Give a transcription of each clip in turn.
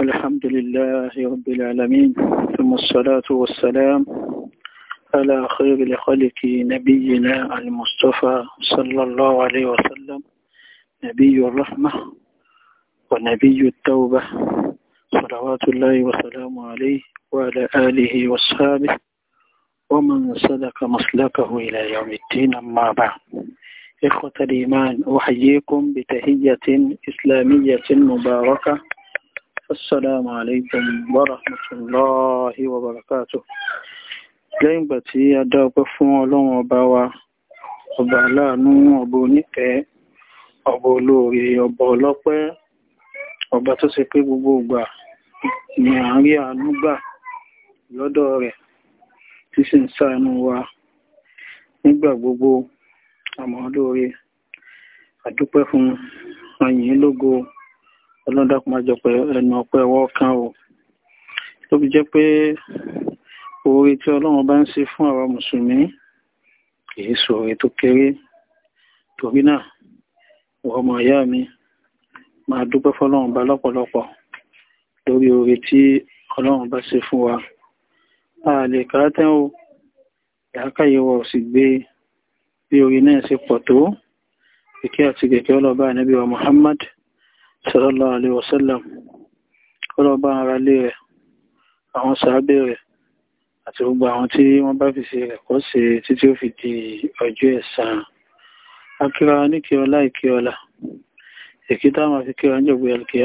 الحمد لله رب العالمين ثم الصلاة والسلام على خير لخلق نبينا المصطفى صلى الله عليه وسلم نبي الرحمة ونبي التوبة صلوات الله وسلامه عليه وعلى آله وصحابه ومن صدق مسلكه إلى يوم الدين أما بعد إخوة الإيمان أحييكم بتهية إسلامية مباركة السلام عليكم ورحمة الله وبركاته lẹ́yìn ìgbà tí a dá ọpẹ́ fún ọlọ́run ọba wa ọba aláàánú ọba oníkẹ́ ọba olóore ọba ọlọ́pẹ́ ọba tó ṣe pé gbogbo ìgbà ni à ń rí àánú gbà lọ́dọ̀ rẹ̀ tí sì ń ṣàánú wa nígbà gbogbo àmọ́ lóore àdúpẹ́ fún ayìn lógo ọlọ́dàkùn máa jọ pé ẹnu ọpẹ́ ọwọ́ kan o tó fi jẹ́ pé oore tí ọlọ́run bá ń ṣe fún àwa mùsùlùmí kìí sọ̀rọ̀ tó kéré torí náà ọmọ ìyá mi máa dúpẹ́ fọlọ́run bá lọ́pọ̀lọpọ̀ lórí oore tí ọlọ́run bá ṣe fún wa a lè kà á tán o ìyákàyè wa ò sì gbé bí oore náà ṣe pọ̀ tó kìkẹ́ àti kẹ̀kẹ́ ọlọ́ba ànábì wa Muhammad sallallahu alaihi wasallam ọlọ́ba ara lé rẹ̀ àwọn sàábé rẹ̀ àti gbogbo àwọn tí wọ́n bá fi ṣe rẹ̀ kọ́ ṣe títí ó fi di ọjọ́ ẹ̀san akíra ní kí ọlá ìkí ọlá èkí kíra ní ọgbẹ̀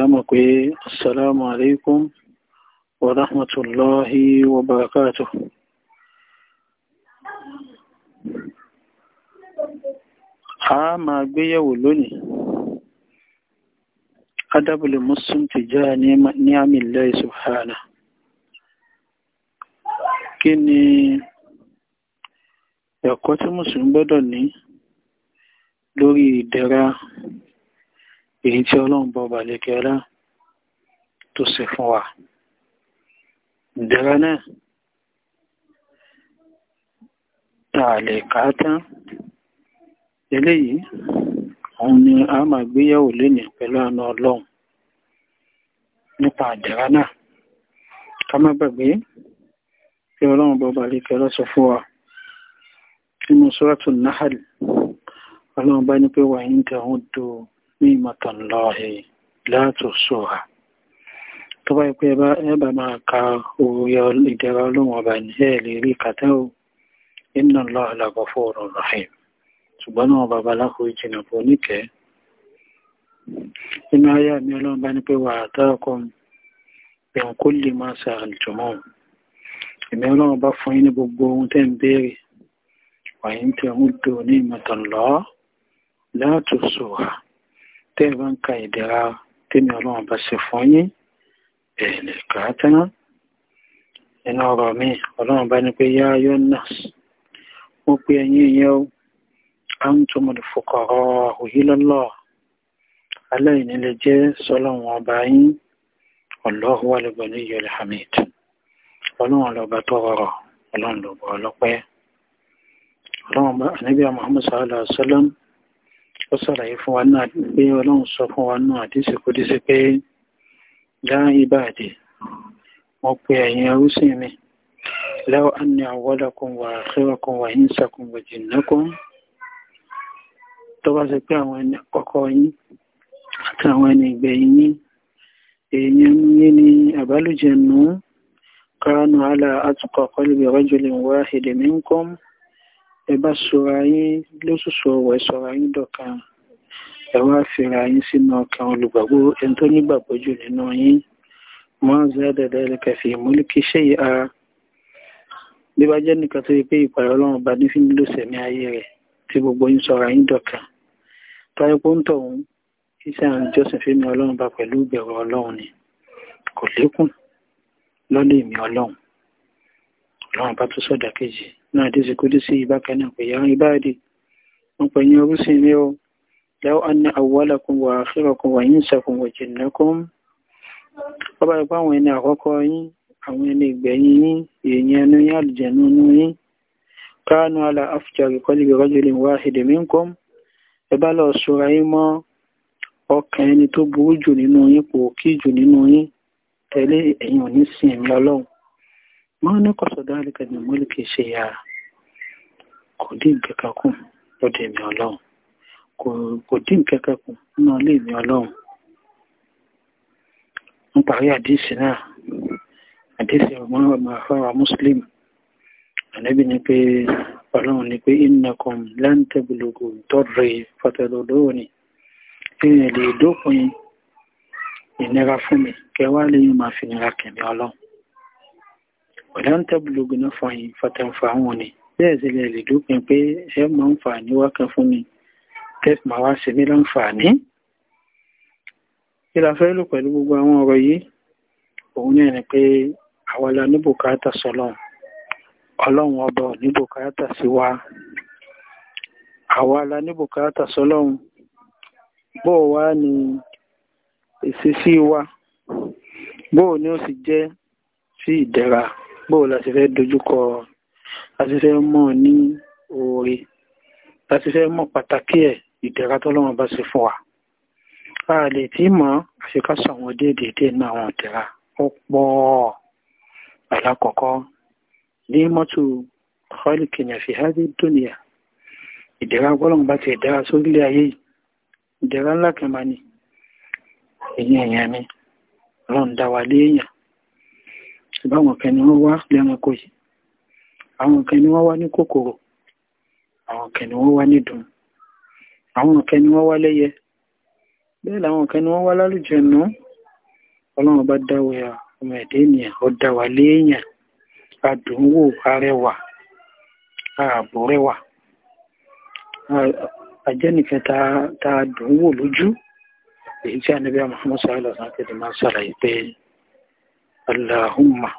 a máa gbéyẹ̀wò lónìí adabul muslim tijani ní àmì Allah subhanahu kí ni ẹ̀kọ́ tí mùsùlùmí gbọ́dọ̀ ní lórí ìdẹ̀ra èyí tí ọlọ́run bọ́ balẹ̀kẹ́ tó ṣe fún wa ìdẹ̀ra náà tààlẹ̀ káátán eléyìí òun ni a máa gbéyẹ̀wò lénìí pẹ̀lú àánú ọlọ́run nípa àdẹ̀rá náà ká má gbàgbé tí ọlọ́run bọ́ balẹ̀ kẹrọ sọ fún wa nínú sọ́rọ̀tù náhàlì ọlọ́run bá ní pé wà ń ga òun do ní sọ́ra tó bá máa ka orí ìdẹ̀rọ ọlọ́run ọba ní rí kàtẹ́ rahim ṣùgbọ́n náà bàbá alákòó ìjìnà bọ̀ níkẹ́ inú ayé àmì ọlọ́run bá ní pé wà àtàkùn ẹ̀hùn kó lè máa ṣàrìjùmọ́ ẹ̀mí ọlọ́run bá fún yín ní gbogbo ohun tẹ́ ń béèrè wàyí ń tẹ ohun tó ní ìmọ̀tànlọ́ láàtò sòwà tẹ́ ẹ bá ń ka ìdẹ̀ra tẹ́mi ọlọ́run bá ṣe fún yín ẹ̀ẹ̀lẹ̀ kàátánà inú ọ̀rọ̀ mi ọlọ́run bá ní mo pe ẹ̀yin antum al-fuqara'u ila Allah aláìní lè jẹ́ sọ́lọ́run ọba yín Allahu wal ganiyyul hamid ọlọ́run lọ́ba tó rọrọ̀ ọlọ́run lọ́ba ọlọ́pẹ́ ọlọ́run bá ànábì Muhammad sallallahu alaihi wasallam ó sàlàyé fún wa náà pé ọlọ́run sọ fún wa náà àdísì kó dísí pé dá ìbàdí wọ́n pe ẹ̀yin ẹrúsìn mi law anna awwalakum wa akhirakum wa insakum wa jinnakum tó bá ṣe pé àwọn ẹni kọ́kọ́ yín àti àwọn ẹni ìgbẹ̀yìn yín èèyàn yín ni àbálùjẹ̀nù kánú àlà àtúkọ̀ qalbi rajulin wahidin minkum ẹ bá sọra yín lóṣùṣù ọwọ́ ẹ sọra yín dọ̀kan ẹ wá fìra yín sínú ọkàn olùgbàgbọ́ ẹni tó nígbàgbọ́ jù nínú yín wọ́n zada dhalika fi mulki shay'a bí bá jẹ́ nìkan tó yẹ pé ìpàrọ̀ ọlọ́run bá ní fi nílò sẹ̀mí ayé rẹ̀ tí gbogbo yín sọra yín dọ̀kan tọ́yípó ń tọ̀ òun iṣẹ́ àwọn ìjọsìn fẹ́mi ọlọ́run bá pẹ̀lú ìbẹ̀rù ọlọ́run ni kò lékùn lọ́lẹ̀ èmi ọlọ́run ọlọ́run bá tó sọ̀dà kejì náà dé sikú dé sí ìbákan náà pé yà ń ibáàdì wọn pè yín orúsí mi o yàwó anna awwalakum wa akhirakum wa insakum wa jinnakum ọba ìpá àwọn ẹni àkọ́kọ́ yín àwọn ẹni ìgbẹ̀yìn yín èèyàn ẹnu yín àlùjẹ̀nu yín káánú ala afjari qalbi rajulin wahidin minkum ẹ bá lọ ṣọ́ra yín mọ́ ọkàn ẹni tó burú jù nínú yín kò kí jù nínú yín tẹ̀lé ẹ̀yin ò ní sin ẹ̀mí ọlọ́run mọ́ ní kọ̀sọ̀dá àríkàdì mọ́lìkì ṣe yà kò dín nǹkan kù lọ́dọ̀ ẹ̀mí ọlọ́run kò dín nǹkan kù nínú ilé ẹ̀mí ọlọ́run ń parí àdísì náà àdísì ọmọ àfáwà muslim ànábì ni pé ọlọ́run ni pé innakum lan tablughu darri fataluduni èèyàn lè dópin ìnira fún mi kẹwàá lẹ́yìn máa fi nira kẹ̀mí ọlọ́run lan tablughu naf'i fatanfa'uni bẹ́ẹ̀ sì lè lè dópin pé ẹ máa ń fà ní wákàn fún mi tẹ́f máa wá sí mi láǹfààní kí la fẹ́ lò pẹ̀lú gbogbo àwọn ọ̀rọ̀ yìí òun náà ni pé àwọn la ní bùkátà sọlọ́run ọlọ́run ọba ò ní bùkátà sí wa àwa la ní sọlọ́run bó wá ní ìṣesí wa bó ni ó sì jẹ́ sí ìdẹ̀ra bó la sì fẹ́ dojúkọ la sì fẹ́ mọ̀ ní oore la sì fẹ́ mọ̀ pàtàkì ẹ̀ ìdẹ̀ra tọ́lọ́run bá ṣe fún wa a lè tí mọ̀ àfikásọ̀ àwọn déédéé náà àwọn ìdẹ̀ra ó pọ̀ alákọ̀ọ́kọ́ نعمة خالقنا في هذه الدنيا ìdẹ̀ra gbọ́lọ̀n bá ti ìdẹ̀ra sórílẹ̀ ayé yìí ìdẹ̀ra ńlá kẹma ni èyí èyàn mi lọ́n dáwà lé èyàn ìbáwọn kẹni wọ́n wá lẹ́ranko yìí àwọn kẹni wọ́n wá ní kòkòrò àwọn kẹni wọ́n wá ní dùn àwọn kẹni wọ́n wá lẹ́yẹ bẹ́ẹ̀ làwọn kẹni wọ́n wá lálùjẹ̀nú ọlọ́run bá dáwà ọmọ ẹ̀dẹ́ ènìyàn ó dáwà lé èyàn adùnwò arẹwà ààbò rẹwà ajẹ́nìkan ta dùnwò lójú èyí tí a níbi Muhammad sallallahu alaihi wasallam ti máa sàlàyé pé Allahumma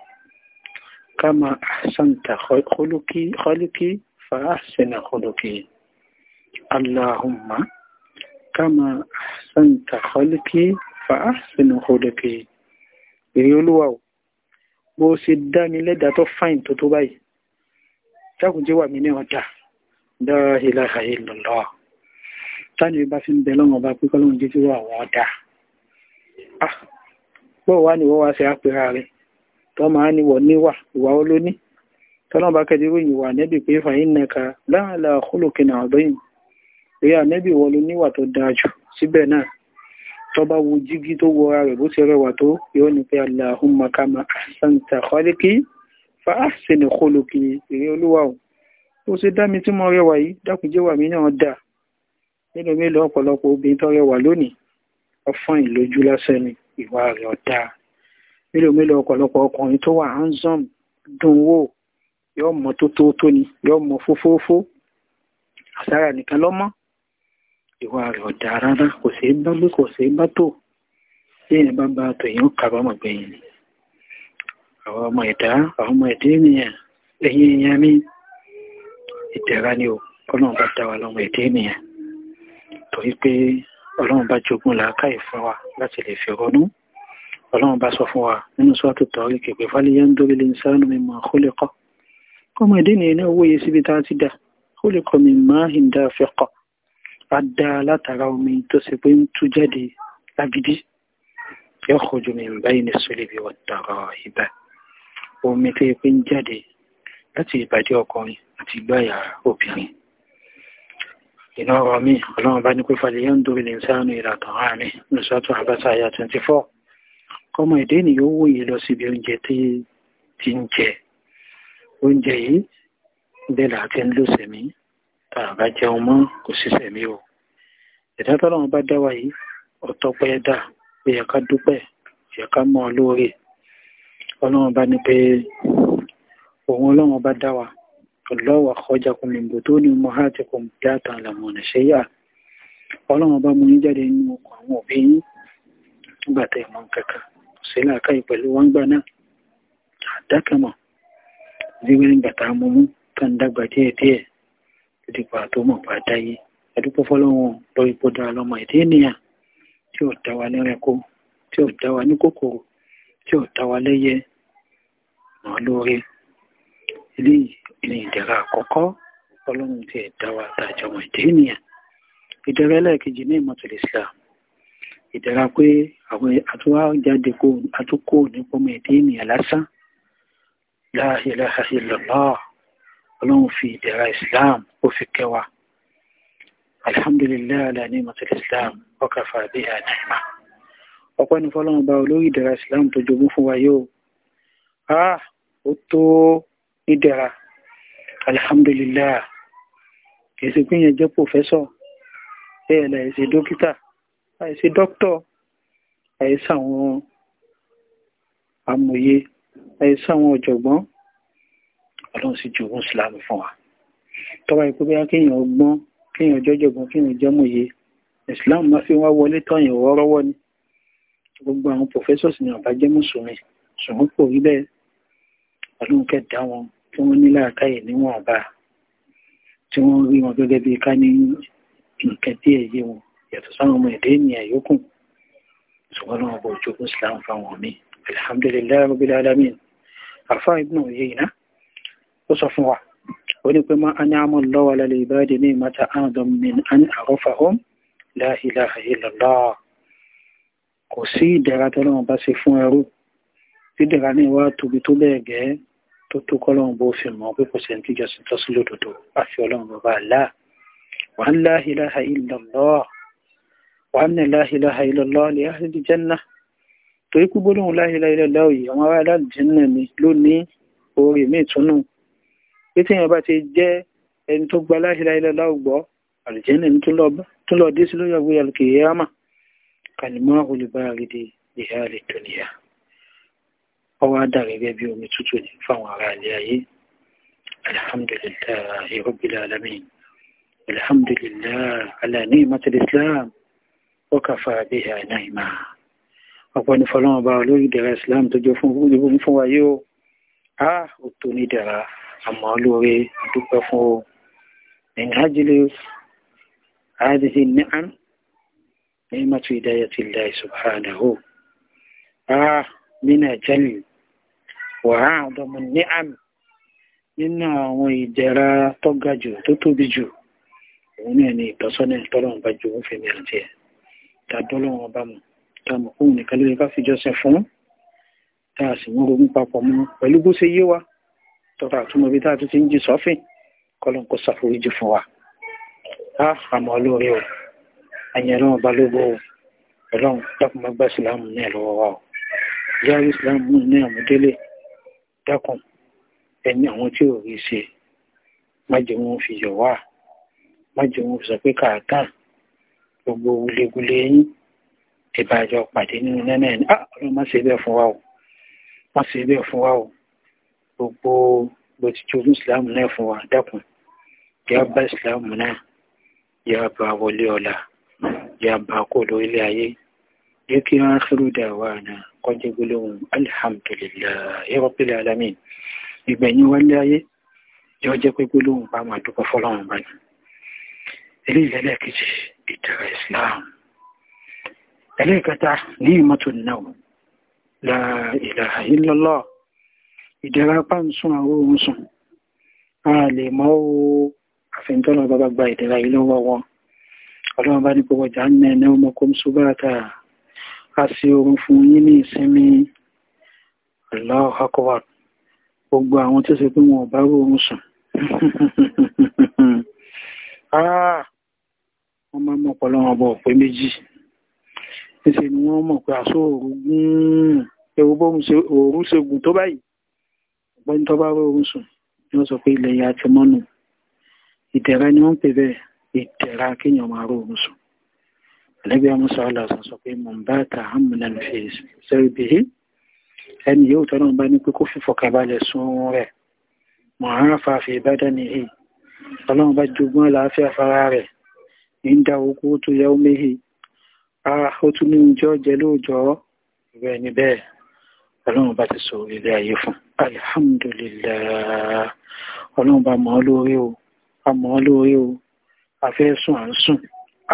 kama ahsanta khuluqi khuluqi fa ahsin khuluqi Allahumma kama ahsanta khuluqi ìrí olúwa bó ṣe dá mi lẹ́dàá tó fáìn tó tó báyìí jákùnjẹ́ wà mí ní ọjà la ilaha illallah táni bá fi ń bẹ lọ́wọ́ bá pé kọ́lọ́hún jẹ́ tí wà wọ́n ọ̀dà bọ́ọ̀ wá ah, ní wọ́n wá ṣe àpẹẹrẹ rẹ̀ tó máa ní wọ́n níwà ìwà olóní tọ́lọ́ bá kẹ́dí ròyìn wà nẹ́bì pé fàyín nẹ́ka láàlà kólòkìnà ọ̀dọ́yìn rí ànẹ́bì wọ́n ló níwà síbẹ̀ náà tó bá wo jígí tó wọra rẹ̀ bó ti rẹwà tó yóò ní pé Allahumma kama ahsanta khalqi fa ahsin khuluqi èrè olúwa o ó ṣe dá mi tí mo rẹwà yìí dákùnjẹ́wà mi náà dà nínú mélòó ọ̀pọ̀lọpọ̀ obìnrin tó rẹwà lónìí ọfọ́n ìlójú lásán ni ìwà rẹ̀ ọ̀dà mélòó mélòó ọ̀pọ̀lọpọ̀ ọkùnrin tó wà hansom dùn yóò mọ tó tó tó yóò mọ fófófó àsárà nìkan lọ́mọ́ ìwà rẹ̀ ọ̀dà rárá kò sí bá gbé kò sí bá tó bí èèyàn bá bá tó èèyàn kábàámọ̀ gbẹ̀yìn ni àwọn ọmọ ẹ̀dá àwọn ọmọ ẹ̀dá ènìyàn ẹ̀yìn èèyàn mi ìtẹ̀ra ni o ọlọ́run bá dá wa lọ́mọ ẹ̀dá ènìyàn torí pé ọlọ́run bá jogún làákàyè fún wa láti lè fi ronú ọlọ́run bá sọ fún wa nínú sọ́ọ̀tù tọ́rí kèpè fáliyá ń dórí lè ń sáánù mímọ̀ kólẹ́kọ́ ọmọ ẹ̀dá ènìyàn náà wóye síbi tá a ti dá kólẹ́kọ́ mi máa ń dá fẹ́ kọ́ bá dá látara omi tó ṣe pé ń tú jáde lágídí yakhruju min bayni sulbi wat-tarahib omi tó yẹ pé ń jáde láti ìbàdí ọkùnrin àti ìgbáyà obìnrin iná ọ̀rọ̀ mi ọlọ́run bá ní pé falyanzur al-insanu ila ta'amihi ní sọ́tún àbáṣà àyà 24 kọmọ ìdí ni yóò wòye lọ síbi oúnjẹ tí ti ń jẹ oúnjẹ yìí bẹ́ẹ̀ láti ń lòsẹ̀mí bàbá jẹun mọ́ kò síṣẹ́ mi o ẹ̀dá tọ́lọ́run bá dá wa yìí ọ̀tọ́ pẹ́ dà ó yẹ ká dúpẹ́ ó yẹ ká mọ́ ọ lóore ọlọ́run bá ní pé òun ọlọ́run bá dá wa ọlọ́wà kọjá kún mi bò tó ní mọ́ á ti kún dáta làmọ̀nà ṣe yà ọlọ́run bá mú yín jáde nínú ọkọ̀ àwọn òbí yín nígbà tẹ́ mọ́ kankan sí làákàyè pẹ̀lú wọn gbà náà àdákàmọ̀ nígbà tá mú mú tá ń dàgbà díẹ̀díẹ̀ títí pa tó mọ̀ bá dáyé ẹdúpọ̀ fọlọ́wọ́n lórí ipò dára lọ́mọ ìdí ènìyàn tí ò dá wa ní rẹ̀kó tí ò dá wa ní kòkòrò tí ò dá wa lẹ́yẹ ràn lóore eléyìí ni ìdẹ̀ra àkọ́kọ́ ọlọ́run tí ẹ̀ dá wa tàjọ ọmọ ìdí ènìyàn ìdẹ̀ra ẹlẹ́ẹ̀kejì ní ìmọ̀tò Islam ìdẹ̀ra pé àwọn àtúwájáde àtúkò nípa ọmọ ìdí ènìyàn lásán la ilaha illallah ọlọ́run fi ìdẹ̀ra islam ó fi kẹwa alhamdulillah ala ni'matil islam wa kafa biha ni'ma ọpẹ́ ní fọ́lọ́run bá olórí ìdẹ̀ra islam tó jogún fún wa yóò ah ó tó ìdẹ̀ra alhamdulillah kìí ṣe pínyẹn jẹ́ pòfẹ́sọ̀ bẹ́ẹ̀ la ẹ̀ṣẹ̀ dókítà àìṣe dókítọ̀ àìṣe àwọn amòye àìṣe àwọn ọ̀jọ̀gbọ́n ọlọ́run sì ju owó ìsìláàmù fún wa tọ́wọ́ ikú bí wọ́n kéèyàn gbọ́n kéèyàn jọ́jọ̀gbọ́n kéèyàn jọ́mọ̀ye ìsìláàmù máa fi wá wọlé tọ́yìn wọ́ọ́rọ́wọ́ ni gbogbo àwọn pòfẹ́sọ̀sì ni àbá jẹ́ mùsùlùmí ṣùgbọ́n kò rí bẹ́ẹ̀ ọlọ́run kẹta wọn tí wọ́n ní láàkáyè níwọ̀n ọba tí wọ́n rí wọn gẹ́gẹ́ bí ká ní nǹkan díẹ̀ yé wọn yàtọ̀ sáwọn ọmọ èdè ènìyàn yòókù ṣùgbọ́n náà bọ̀ ojú ìsìláàmù fáwọn mi alhamdulilayi rabbil alamin afa ibn oyeyina ó sọ fún wa ó ní pé má a ní àmọ́ lọ́wọ́ lálẹ́ ìbáde ní ìmọ̀ta àádọ́m ní àrọ́fà ó la ilaha illallah kò sí ìdẹ̀ra tọ́lọ́run bá ṣe fún ẹrú dídẹ̀ra ní ìwà tóbi tó bẹ́ẹ̀ gẹ́ tó tó kọ́lọ́run bó fi mọ̀ pé kò sẹ́ni tíjọ sí tọ́sí lódodo àfi ọlọ́run bàbá àlá orí mi ìtúnú pé tí èèyàn bá ti jẹ́ ẹni tó gba la ilaha illallah gbọ́ àlùjẹ́nà ní tó lọ dé sí lórí ọgbẹ́ alùkìyàmà kàlímọ́ olùbáàrídì ìhà rẹ̀ tó níyà ọwọ́ adàrẹ̀ gẹ́gẹ́ bí omi tútù ní fáwọn ará ilé ayé alhamdulillahi rabbil alamin alhamdulillahi ala ni'matil islam wa kafa biha ni'ma ọ̀pọ̀ àmọ́ olóore dúpẹ́ fún o ẹ̀yìn ajílẹ̀ àádìsí ní àm ní mọ́tò ìdáyà ti láì subhanahu Ah nínà jẹ́lì wàá àdọ́mù niam? àm nínú àwọn ìdẹ̀ra tó ga jù tó tóbi jù òun náà ni ìtọ́sọ́nà tọ́lọ́run bá jogún fèmí àti ẹ̀ tàbọ́lọ́run ọba mu tàbí òun nìkan ló bá fi jọ́sẹ̀ fún tàà sì mú ogun papọ̀ mọ́ pẹ̀lú bó ṣe yé wa tọ́ra àtúmọ̀ bí táà tó ti ń jí sọ́fìn kọ́lọ́n kó ṣàforíjì fún wa á àmọ́ olóore o àyìn ọlọ́run bá lógo o ọlọ́run dákun má gba ìsìláàmù náà lọ́wọ́ wa o yáàrí ìsìláàmù ní àmúdélé dákun ẹni àwọn tí ò rí ṣe má jẹ́ wọn fi yọ̀ wá má jẹ́ wọn fi sọ pé kàákàn gbogbo wulegule yín ìbàjọ́ pàdé nínú nẹ́nẹ́ ni á ọlọ́run má ṣe bẹ́ẹ̀ fún wa o má ṣe bẹ́ẹ̀ fún wa o gbogbo bó ti jogún ìsìláàmù náà fún wa dákun yà bá ìsìláàmù náà yà bá wọlé ọ̀la yà bá kó lórílẹ̀ ayé yẹ kí wọ́n sọ́rọ̀ dà wà náà kọjá gbólóhùn alhamdulillahi rabbil alamin ìgbẹ̀yìn wọlé ayé yọ jẹ́ pé gbólóhùn bá máa dúpọ̀ fọlọ́run báyìí ilé ìlẹ́lẹ̀ kejì ìtara ìsìláàmù ẹlẹ́ẹ̀kẹta ní ìmọ̀tò náà la ilaha illallah ìdẹ̀ra pàǹsùn àwọn ohun sùn a lè mọ́ o àfẹ́ntọ́nà bàbá gba ìdẹ̀ra yìí lọ́wọ́ wọn ọlọ́run bá ní pé wọ́n jàn ní ẹni ọmọ kóm ṣúgbàtà a sì oorun fún yín ní ìsinmi Allahu Akbar gbogbo àwọn tí ṣe pé wọn ò bá oorun sùn ah! wọ́n máa mọ̀ pọ̀ lọ́wọ́ ọbọ̀ òpé méjì níṣẹ́ ni wọ́n mọ̀ pé àṣọ òru gún ẹ̀rù bọ́ọ̀rù ṣe gùn tó báyìí pẹ́ni tó bá rọrùn sùn yóò sọ pé ilẹ̀ ya ti mọ́nù ìdẹ̀ra ni wọ́n pè bẹ́ẹ̀ ìdẹ̀ra kéèyàn máa rọrùn sùn ẹlẹ́bí amúsọ aláàsán sọ pé mọ̀ bá ta hàmùnà fèsì sẹ́rí bí i ẹni yóò tọ́nà bá ní pé kó fífọ̀ kabalẹ̀ sun rẹ̀ mọ̀ àáfà ìbádá ni èyí ọlọ́run bá jogún àlàáfíà fara rẹ̀ ń dá okú tó yẹ ó méhì ó tún ní oúnjẹ ọjẹ lóòjọ́ rẹ̀ ní bẹ́ẹ̀ ọlọ́run bá ti sọ ilé ayé fún alihamdulilayi ọlọ́run bá mọ́ lórí o a mọ́ lórí o a fẹ́ sùn à ń sùn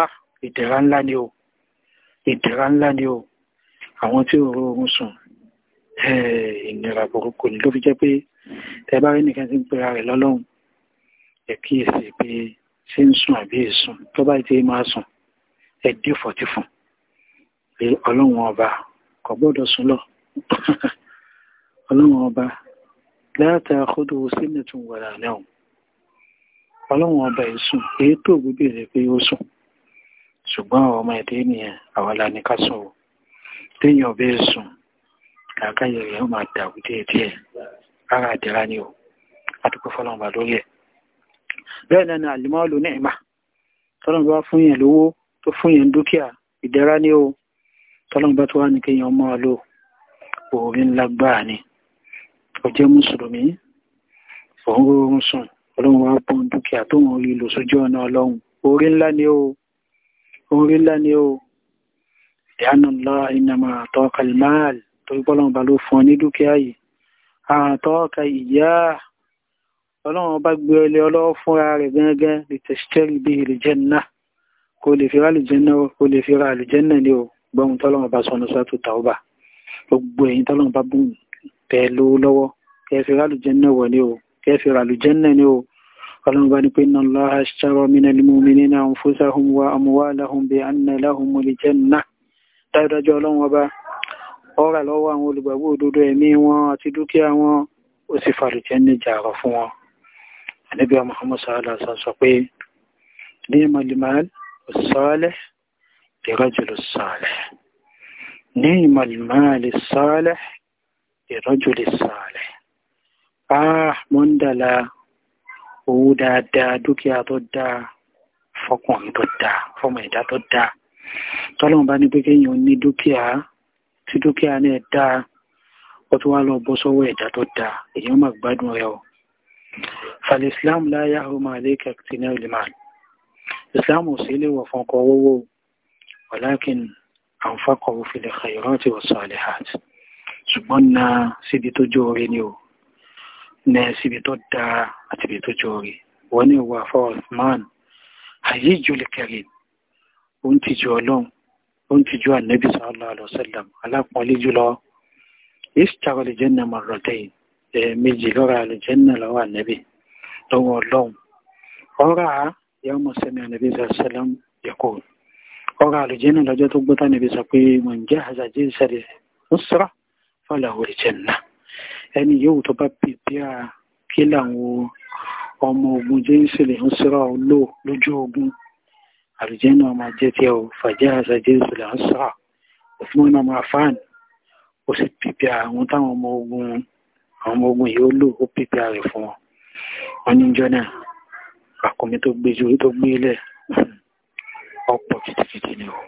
a ah, ìdẹ̀ra ńlá ni o ìdẹ̀ra ńlá ni o àwọn tí ò rò oorun sùn ìnira burúkú ni ló fi jẹ́ pé tẹ bá rí nìkan tí ń pera rẹ̀ lọ́lọ́run ẹ kíyèsí pé ṣé ń sùn àbí èsùn tó bá ti máa sùn ẹ dé fọ̀tífọ̀n pé ọlọ́run ọba kò gbọ́dọ̀ sùn lọ́ọ̀ ọlọ́run ọba láàtà àkọ́dọ̀ sílẹ̀ tún wà láàrẹ̀hùn ọlọ́run ọba ìsùn èyí tó gbogbo rẹ̀ pé ó sùn ṣùgbọ́n ọmọ ẹ̀dẹ́ ènìyàn àwàlá ní ká sùn téèyàn ọbẹ̀ sùn làákàyè rẹ̀ ó máa dàrú díẹ̀díẹ̀ ara àdìrá ni ó àdúgbò fọlọ́run ọba lórí ẹ̀ bẹ́ẹ̀ náà ni àlùmọ́ọ́lù ní ìmà tọ́lọ́run bá fún yẹn lówó tó fún yẹn dúkìá ìdẹ̀ra ni ó tọ́lọ́run bá tó wà ní kéèyàn ọmọ ọlọ́ọ̀ orí ńlá gbáà ni o jẹ́ mùsùlùmí òun rọrùn sùn ọlọ́run wá bọ́n dúkìá tó ń rí lò sójú ọ̀nà ọlọ́run orí ńlá ni ó orí ńlá ni ó ìdáná inama ìnàmà àtọ́ka ìmáàlì torí pọ́lọ́run bá ló fún ọ ní a yìí àtọ́ka ìyá ọlọ́run bá gbé ọlẹ́ ọlọ́wọ́ fúnra rẹ̀ gángan lè tẹ̀sítẹ́rì bí ìlìjẹ́nà kò lè fi ra àlìjẹ́nà ni ó gbọ́n tọ́lọ́run bá sọ ní sọ́tò tàwọ́bà gbogbo ẹ̀yin tọ́lọ́run bá bùn tẹ lówó lọ́wọ́ kẹ́ fi rálù jẹ́nà wọlé o kẹ́ fi rálù jẹ́nà ni o ọlọ́run bá ní pé inna Allaha ishtara minal mu'minina anfusahum wa amwalahum bi anna lahumul jannah dájúdájú ọlọ́run ọba ọ̀rà lọ́wọ́ àwọn olùgbàgbọ́ òdodo ẹ̀mí wọn àti dúkìá wọn ó sì fàlù jẹ́nà jàrọ̀ fún wọn ànábì Muhammad sallallahu sọ pé ní malimal salih li rajul نعم المال الصالح لرجل الصالح آه، من owó dáadáa dúkìá tó dáa fọkùnrin tó dáa fọmọ ẹ̀dá tó dáa tọ́lọ́run bá ní pé kéèyàn ní dúkìá tí dúkìá náà dáa ó tún wá lọ bọ́ sọ́wọ́ ẹ̀dá tó dáa èèyàn máa gbádùn rẹ̀ o fàlẹ́ islam láyà ọmọ àlékà tí náà lè máa islam ò sí lè wọ̀ fún ọkọ̀ owó wò anfaqahu fil khayrati was salihat ṣùgbọ́n na síbi tó jó orí ni o na síbi tó dáa àti ibi tó jó orí wọ́n ní ìwà fọ́ọ̀rọ̀ man ayé ìjọlẹ̀ kẹrin ó ń tìjú ọlọ́run ó ń tìjú ànábì sallallahu alaihi wasallam alápọ̀nlé jùlọ ìṣàrọ̀ àlùjẹ́nà marratayn ẹ̀ẹ̀mejì lọ́ra àlùjẹ́nà lọ́wọ́ ànábì lọ́wọ́ ọlọ́run ọ̀rá ọ̀rọ̀ àlùjẹ́nà lọ́jọ́ tó gbọ́tà níbi sọ pé man jahaza jayshal usra falahul janna ẹni yóò tó bá pèpè à kí làwọn ọmọ ogun jayshal usra lò lójú ogun àlùjẹ́nà ọmọ jẹ́ tí ọ fa jahaza jayshal usra Uthman ọmọ afán ó sì pèpè àwọn táwọn ọmọ ogun ọmọ ogun yìí ó lò ó pèpè rẹ̀ fún wọn wọn níjọ náà àkọ́mi tó gbé ju tó gbé lẹ̀ ọ̀pọ̀ kìtìkìtì ni o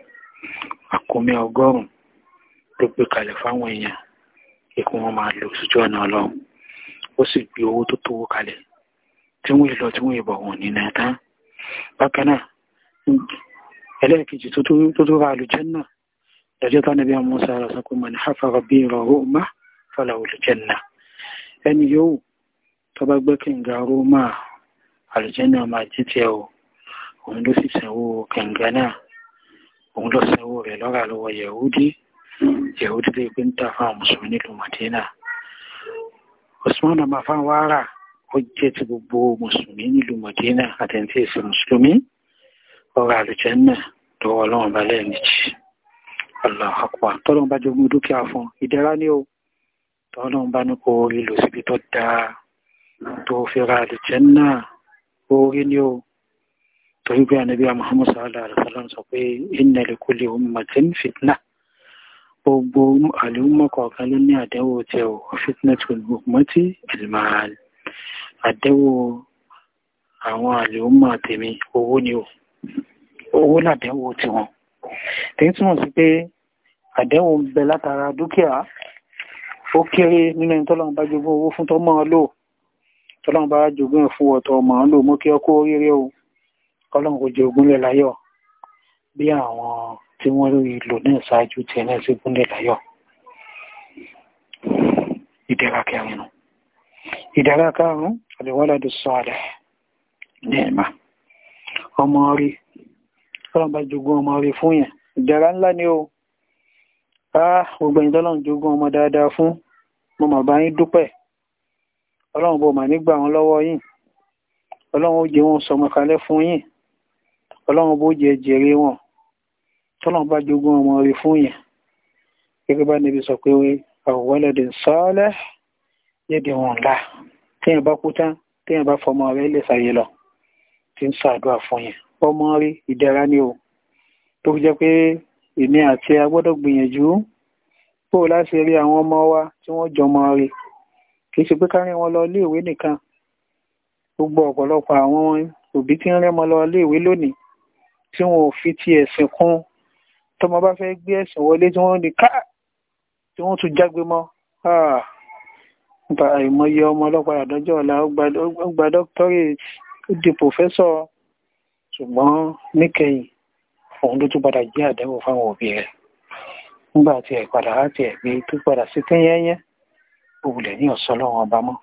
àkómi ọgọ́rùn-ún tó gbé kalẹ̀ fáwọn èèyàn ikú wọn máa lò sójú ọ̀nà ọlọ́run ó sì gbé owó tó tówó kalẹ̀ tí wọ́n lọ tí wọ́n ìbọ̀ wọn nínú ẹ̀tán bákan náà ẹlẹ́ẹ̀kejì tó tó ra àlùjánnà ẹjọ́ tó níbi ọmọ sára sọ pé mọ̀nà háfàrọ̀ bí ìrọ̀rọ̀ ọmọ fọlá olùjánnà ẹni yóò tó bá gbé kí n ga ọrọ̀ máa àlùjánnà máa jẹ́ tiẹ̀ o òun ló sì sanwó kànga náà òun ló sanwó rẹ̀ lọ́ra lọ́wọ́ yahudi yahudi lè pé ń tà fáwọn mùsùlùmí nílùú madina usman amafan wàrà ó jẹ́ ti gbogbo mùsùlùmí nílùú madina àtẹ̀ǹtì èsì mùsùlùmí ọ̀rọ̀ àlùjẹ́nà lọ́wọ́ bá lẹ́ẹ̀mejì allah akwa tọ́lọ́run bá jogún dúkìá fún ìdẹ̀ra ní o tọ́lọ́run bá ní kó orí lò síbi tó dáa tó fi ra àlùjẹ́nà orí ní o torí pé ànábíà muhammad sallallahu alaihi wa sallam sọ pé inna li kulli ummatin fitna gbogbo àlùmọ̀ kọ̀ọ̀kan ló ní àdẹ́wò fitna ò fitnatul ummati al-mal àdẹ́wò àwọn àlùmọ̀ tèmi owó ni ò owó làdẹ́wò tiwọn tèyí túmọ̀ sí pé àdẹ́wò ń bẹ látara dúkìá ó kéré nínú ẹni tọ́lọ́run bá jogún owó fún tọ́mọ́ lò tọ́lọ́run bá jogún ẹ̀ fún ọ̀tọ̀ ọmọ lò mú kí ọkọ̀ oríire o kọ́lọ́n kò jẹ́ ogúnlẹ̀ láyọ̀ bí àwọn tí wọ́n rí ìlò náà ṣáájú tí ẹ̀nà sí gúnlẹ̀ láyọ̀ ìdẹ̀ra kẹrin nù ìdẹ̀ra karùn-ún àdìwọ́lẹ̀dù sọ́ọ̀lẹ̀ ní ẹ̀mà ọmọ rí kọ́lọ́n bá jogún ọmọ rí fún yẹn ìdẹ̀ra ńlá ni ó ah, gbogbo ẹni tọ́lọ́n jogún ọmọ dáadáa fún mo mà bá yín dúpẹ́ ọlọ́run bò mà nígbà wọn lọ́wọ́ yín ọlọ́run ó jẹ́ wọn sọmọ kalẹ̀ fún yín ọlọ́run bó jẹ jẹrẹ wọn tọ́lọ́run bá jogún ọmọ rẹ fún yẹn gẹ́gẹ́ bá níbi sọ pé àwọ̀wọ́lẹ̀dẹ̀ sọ́ọ́lẹ̀ yẹ́dẹ̀ wọn ńlá téèyàn bá kú tán téèyàn bá fọmọ rẹ lè lọ tí ń ṣàdúrà fún yẹn ọmọ rí ìdára ni o tó fi jẹ́ pé èmi àti a gbọ́dọ̀ gbìyànjú bó o láti rí àwọn ọmọ wa tí wọ́n jọmọ rí kì í ṣe pé kárí wọn lọ iléèwé nìkan gbogbo ọ̀pọ̀lọpọ̀ àwọn òbí tí ń rẹ́mọ lọ iléèwé lónìí tí wọn ò fi ti ẹ̀sìn kún tọmọ bá fẹ́ gbé ẹ̀sìn wọlé tí wọ́n ní ká tí wọ́n tún jágbe mọ́ ah, nípa àìmọye ọmọ ọlọ́pàá àdọ́jọ́ ọ̀la ó gba doctorate ó di professor ṣùgbọ́n níkẹyìn òun ló tún padà jẹ́ àdẹ́wò fáwọn òbí rẹ̀ nígbà tí ẹ̀ padà láti ẹ̀gbẹ́ tó padà sí tẹ́yẹ́yẹ́ òwúlẹ̀ ní ọ̀sán lọ́wọ́ ọba mọ́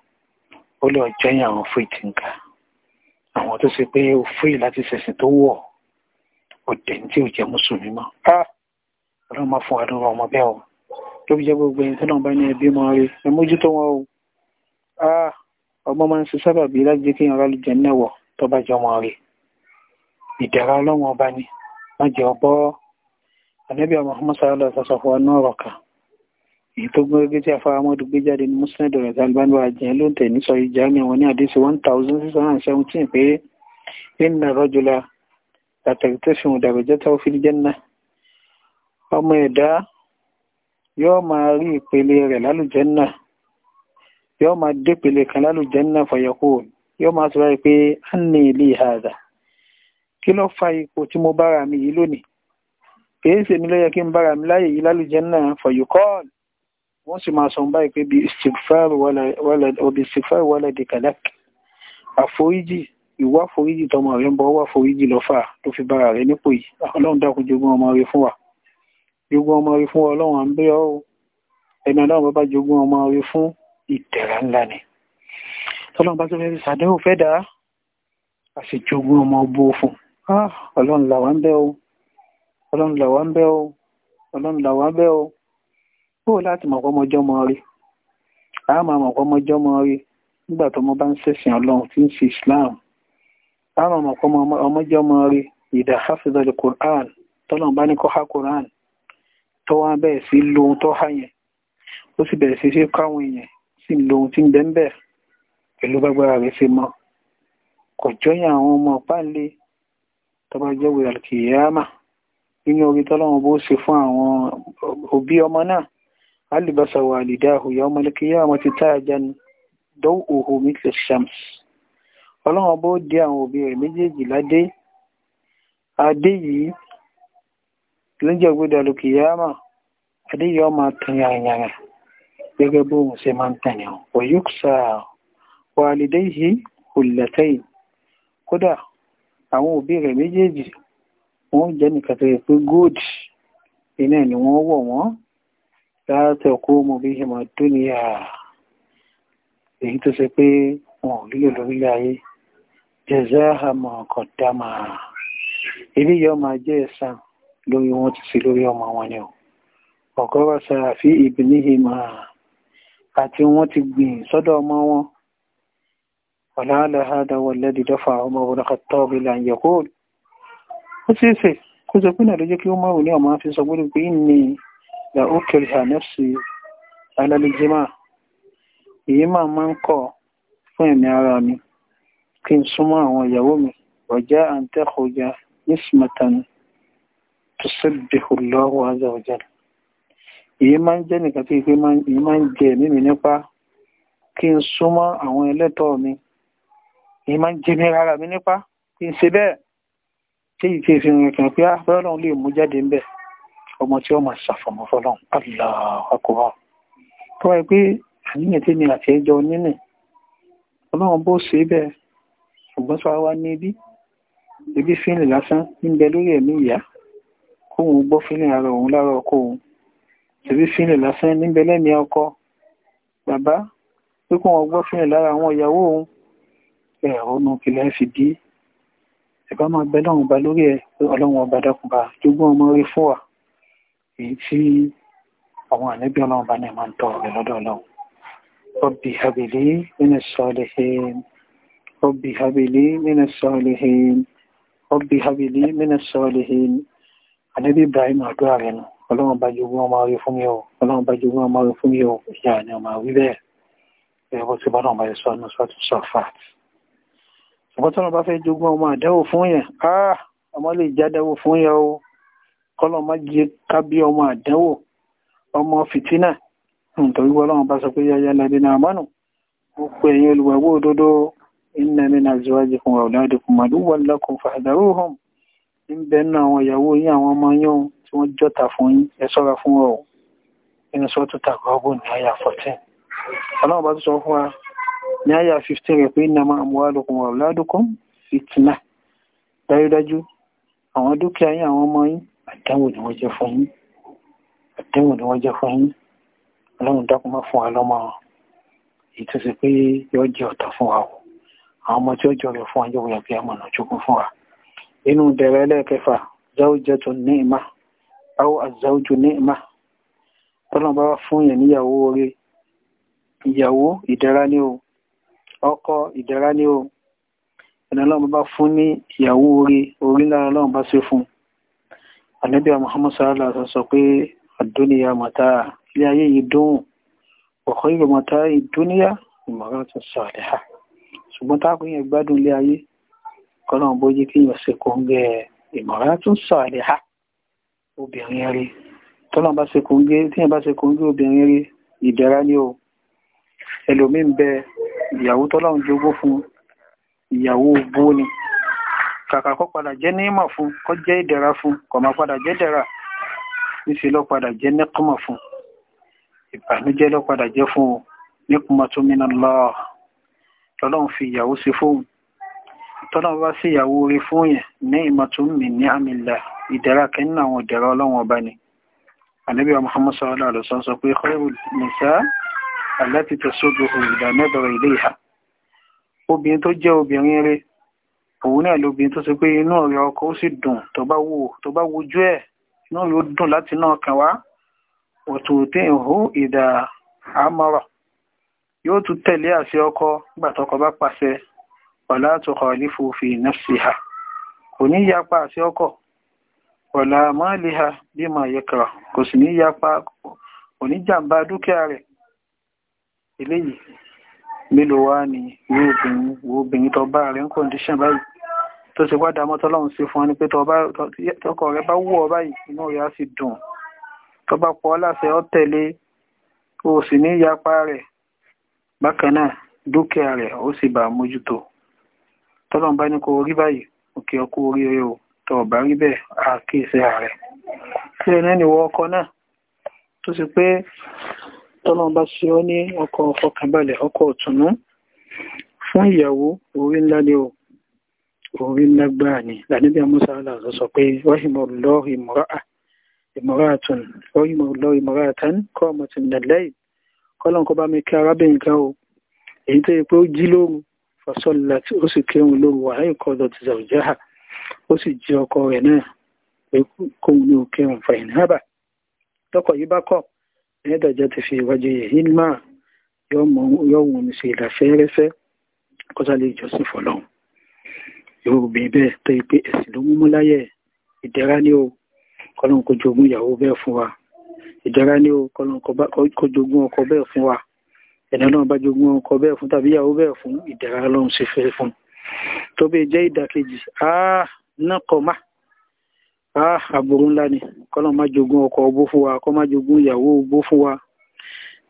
ó lọ jẹ́yìn àwọn free thinker àwọn tó ṣe pé ó free láti ṣẹ̀sìn tó wọ̀ ọ́ ọ̀dẹ̀ tí ò jẹ́ mùsùlùmí mọ́ ọlọ́run máa fún àdúrà ọmọ bẹ́ẹ̀ o tó fi jẹ́ gbogbo ẹni tó náà bá ní ẹbí mọ́ rí ẹ mójútó wọn o ọgbọ́n máa ń ṣe sábà bí láti jẹ́ kí ìyàrá lè jẹ́ nẹ́wọ̀ tó bá jọ wọn rí ìdẹ̀ra ọlọ́run ọba ni má jẹ́ ọbọ́ ànábì Muhammad sallallahu alaihi wasallam fún ọ̀nà ọ̀rọ̀ kan èyí tó gbé gbé tí afáramọ́dù gbé jáde ní musnad rẹ̀ Albani wa jẹ́ ló ń tẹ̀ ní sọ ìjà ní àwọn ní àdéṣe one thousand six hundred and seventeen pé inna rajula làtẹ̀tẹ̀fìn ìdàgbẹ̀jẹ́ta ó fi jẹ́nà ọmọ ẹ̀dá yóò máa rí ìpele rẹ̀ lálùjẹ́nà yóò máa dépele kan lálùjẹ́nà fọyẹ́kù yóò máa sọ báyìí pé a ní ilé ìhàdà kí ló fa ipò tí mo bára mi yìí lónìí kìí ṣe mi ló kí n bára mi láyè yìí lálùjẹ́nà fọyẹ́kọ́ọ̀lù wọ́n sì máa sọ báyìí pé bí istigfar wàlẹ̀ dìkàlẹ́kì àforíjì ìwà foríjì tọmọ rẹ ń bọ wà foríjì lọfà tó fi bára rẹ nípò yìí Ọlọ́run dákun jogún ọmọ rẹ fún wa jogún ọmọ rẹ fún wa Ọlọ́run à ń bẹ ọ ẹni Ọlọ́run bàbá jogún ọmọ rẹ fún ìtẹ̀ra ńlá ni Ọlọ́run bá tó fẹ́ sàdéhùn fẹ́ dáa a sì jogún ọmọ bó fún Ọlọ́run làwa ń bẹ ọ Ọlọ́run làwa ń bẹ ọ Ọlọ́run làwa ń bẹ ọ bóò láti mọ̀ pọ́mọjọ́ mọ rí a máa mọ̀ pọ́mọjọ́ mọ rí nígbà tó mo bá ń ṣẹ̀sìn Ọlọ́run tí ń ṣe Islam láwọn ọmọ kọ́ ọmọjọ́ ọmọ rí ìdá hafizal Qur'an tọ́lọ̀n bá ní kọ́ ha Qur'an tó wá bẹ̀rẹ̀ sí lóhun tó há yẹn ó sì bẹ̀rẹ̀ sí sí káwọn èèyàn sí lóhun tí ń bẹ́ ń bẹ̀ pẹ̀lú bágbára rẹ̀ ṣe mọ́ kò jọyìn àwọn ọmọ páńlé tọba jẹ́ wẹ̀ alkiyama nínú orí tọ́lọ́wọ́n bó ṣe fún àwọn òbí ọmọ náà alìbáṣà wà lìdáhù yà ọmọ alkiyama ti táàjà dọ́wọ́ òhùn mítlẹ̀ shams ọlọ́run bó dé àwọn òbí rẹ̀ méjèèjì ládé adé yìí lóúnjẹ gbọdọ̀ lókìyàmà adé yìí ọmọ tan yàrìnyàrìn gẹ́gẹ́ bó òun ṣe máa ń tàn yàn wọ̀yúkṣà wàlídéyìí hùlẹ̀tẹ́yìn kódà àwọn òbí rẹ̀ méjèèjì wọ́n jẹ́ nìkan tó yẹ pé gold iná ni wọ́n wọ̀ wọ́n látọ̀ kó mọ̀ bí ṣe máa dúnìyà èyí tó ṣe pé wọn ò lílò lórílẹ̀ ayé jẹ́záhà mọ̀ ọ̀kọ̀dámà ilé yọ máa jẹ́ ẹ̀sàn lórí wọn ti sí lórí ọmọ wọn ni ọ̀gọ́rọ̀ sàràfí ìbìníhì máa àti wọ́n ti gbìn sọ́dọ̀ ọmọ wọn ọ̀làálàádáwọ̀ lẹ́dìdọ́fà ọmọ ọ̀rọ̀kọ̀tọ́bì làyẹ̀kó ó sì ṣe kó sọ pé náà ló jẹ́ kí ó máa ní ọmọ fi sọ gbọ́dọ̀ pé ní la ó kiri hanefsi alálejima èyí máa máa ń kọ fún ẹ̀mí ara mi kí n súnmọ́ àwọn ìyàwó mi ọjá àǹtẹ́kọjá nísìmọ̀tàn tó sẹ́bẹ̀kù lọ́wọ́ azà ọjà èyí máa ń jẹ́ nìkan tí pé èyí máa ń jẹ mímí nípa kí n súnmọ́ àwọn ẹlẹ́tọ̀ mi èyí máa ń jẹ mí rárá mi nípa kí n ṣe bẹ́ẹ̀ tí èyí fi hàn kàn pé abẹ́rẹ́ ah, náà lè mú jáde ń bẹ̀ ọmọ tí wọ́n máa ṣàfọ̀mọ́ fọlọ́n aláàkọ́wà tó wáyé pé àníyàn tí mi àti ẹjọ́ nínú ọlọ́run bó ṣe bẹ́ẹ̀ ṣùgbọ́n sọ àwa ní ibi ibi fíìlì lásán ń bẹ lórí ẹ̀mí ìyá kóhun gbọ́ fíìlì ara òun lára ọkọ òun tẹ̀bí fíìlì lásán ń bẹ lẹ́mí ọkọ bàbá pé kóhun gbọ́ fíìlì lára àwọn ìyàwó òun ẹ̀rọ nu kìlẹ̀ fi dí ẹ̀bá máa bẹ lọ́run ba lórí ẹ̀ ọlọ́run ọba dákùnbà jogún ọmọ rí fún wa èyí tí àwọn àníbí ọlọ́run bá ní ẹ̀ máa ń tọrọ rẹ̀ lọ́dọ̀ ọlọ́run. ربي هب لي من الصالحين رب هب لي من الصالحين رب هب لي من الصالحين ànábì ibrahim àdúrà rẹ̀ nù ọlọ́run bá jogún ọmọ rẹ̀ fún mi o ọlọ́run bá jogún ọmọ rẹ̀ fún mi o ìyá ni ọmọ wí bẹ́ẹ̀ bẹ́ẹ̀ bó ti bá náà bá yẹ sọ ọ́nà sọ́tún sọ́fà ṣùgbọ́n tí wọ́n bá fẹ́ jogún ọmọ àdáwò fún yẹn áà ah, ọmọ lè jádáwò fún yẹn o kọ́lọ̀ má jẹ kábí ọmọ àdáwò ọmọ fìtínà nítorí wọ́n lọ́wọ́n bá sọ pé yáyá nàbí náà mọ́nù ó pe ẹ̀yin olùwàwó òdodo inna min azwajikum wa awladikum aduwwan lakum fahdharuhum ń bẹ nínú àwọn ìyàwó yín àwọn ọmọ yín tí wọ́n jọ́ta fún yín ẹ ṣọ́ra fún ọ inú sọ tó tàkọ ọgbọ̀n ní àyà 14 ọlọ́run bá tó sọ fún wa 15 rẹ̀ pé innama amwalukum wa awladukum fitna dájúdájú àwọn dúkìá yín àwọn ọmọ yín àdánwò ni wọ́n jẹ́ fún yín àdánwò ni wọ́n jẹ́ fún yín ọlọ́run dákun má fún wa lọ́mọ èyí tó ṣe pé yóò jẹ́ ọ̀tá fún wa o àwọn ọmọ tí ó jọ rẹ̀ fún wa yóò yẹ kí a mọ̀ ọ̀nà jókòó fún wa inú dẹ̀rẹ̀ ẹlẹ́ẹ̀kẹfà zawjatu ni'ma aw az-zawju ni'ma tọ́lọ́n bá fún yẹn níyàwó orí ìyàwó ìdẹ̀ra ní o ọkọ ìdẹ̀ra ní o ìdánlọ́run bá fún ní ìyàwó orí orí lára lọ́run bá ṣe fún ànábì Muhammad sallallahu alaihi wasallam sọ pé àdúnìyà mọ̀tá ilé ayé yìí dóhùn ọ̀kọ́ ìrọ̀mọ̀tá ìdúnìyà ìmọ̀ràn tó sọ àdéhà ṣùgbọ́n táàkùn yẹn gbádùn ilé ayé kọ́lọ́n bó yí kíyàn ṣe kóńgẹ́ ìmọ̀ra tún sọ̀rọ̀ ha obìnrin rí tọ́lọ́n bá ṣe kóńgẹ́ tíyàn bá ṣe kóńgẹ́ obìnrin rí ìdẹ̀ra ni o ẹlòmíín bẹ ìyàwó tọ́lọ́n jogún fún ìyàwó bó ni kàkà kó padà jẹ́ nímọ̀ fún kó jẹ́ ìdẹ̀ra fún kó má padà jẹ́ dẹ̀ra níṣẹ́ ló padà jẹ́ nẹ́kùnmọ̀ fún ìbànújẹ́ ló padà jẹ́ fún o níkùnmọ̀ tó mìíràn lọ́ọ̀ lọ́lọ́run fi ìyàwó sí fóun tọ́lọ́run bá sí ìyàwó orí fún yẹn ní ìmọ̀tún mi ní àmìlà ìdẹ̀ra kẹ́ nínú àwọn ìdẹ̀ra ọlọ́run ọba ni ànábì wa Muhammad sallallahu alaihi wasallam sọ pé khairu nisa allati tasudduhu idha nadara ilayha obìnrin tó jẹ́ yóò tún tẹ̀lé àṣẹ ọkọ nígbà tọkọ bá pàṣẹ ọ̀la àtọkọ àlífò fi nafsiha kò ní yapa àṣẹ ọkọ ọ̀la maliha bima yakra kò sì ní yapa kò ní jàǹbá dúkìá rẹ̀ eléyìí mélòó wá ni irú obìnrin wo obìnrin tó bá rẹ̀ ń kọ́ndíṣàn báyìí tó ṣe wádà mọ́tọ́ lọ́hùn sí fún ọ ni pé tọkọ rẹ bá wù ọ báyìí inú rẹ á sì dùn tó bá láṣẹ ọ tẹ̀lé o sì ní yapa rẹ̀ bákan náà dúkìá rẹ̀ ó sì bá mójútó tọ́lọ́n bá ní kó rí báyìí òkè ọkú orí rẹ̀ o tọ́ ọ̀bá rí bẹ́ẹ̀ àkíyèsí ààrẹ tí ẹni ẹni wọ ọkọ náà tó sì pé tọ́lọ́n bá ṣe ọ́ ní ọkọ̀ ọ̀fọkànbalẹ̀ ọkọ̀ ọ̀tùnú fún ìyàwó orí ńlá ni o orí ńlá gbáà ni lànàbí amúsà aláàzọ sọ pé rahimahullah imra'atun rahimahullah imra'atan qamat min al-layl kọ́lọ́n kọ́ bá mi kí arábìnrin kan o èyí tó yẹ pé ó jí lóru fasọ́lá tí ó sì kírun lóru wàhálà ìkọ́dọ̀ ti zàwùjáhà ó sì jí ọkọ rẹ̀ náà pé kóun ní òkè òun fàyìn hábà tọkọ̀ yìí bá kọ̀ ẹ̀ẹ́dàjọ́ ti fi ìwájú yẹ̀ hilma yọ wọn mi sí ìlà fẹ́ẹ́rẹ́fẹ́ kọ́sá lè jọ́sìn fọlọ́hún yóò bí bẹ́ẹ̀ tó yẹ pé ẹ̀sìn ló mú mú láyẹ̀ ìdẹ̀ra ní o kọ́lọ́n kó jogún ìyàwó bẹ́ẹ̀ fún wa ìjọra ní kó jogún ọkọ bẹ́ẹ̀ fún wa ẹ̀dá náà bá jogún ọkọ bẹ́ẹ̀ fún tàbí ìyàwó bẹ́ẹ̀ fún ìdẹ̀ra ọlọ́run ṣe fẹ́ fún tó bẹ́ẹ̀ jẹ́ ìdàkejì áá náà kọ̀ má áá àbúrú ńlá ni kọ́nà má jogún ọkọ ogbó fún wa kọ́ má jogún ìyàwó ogbó fún wa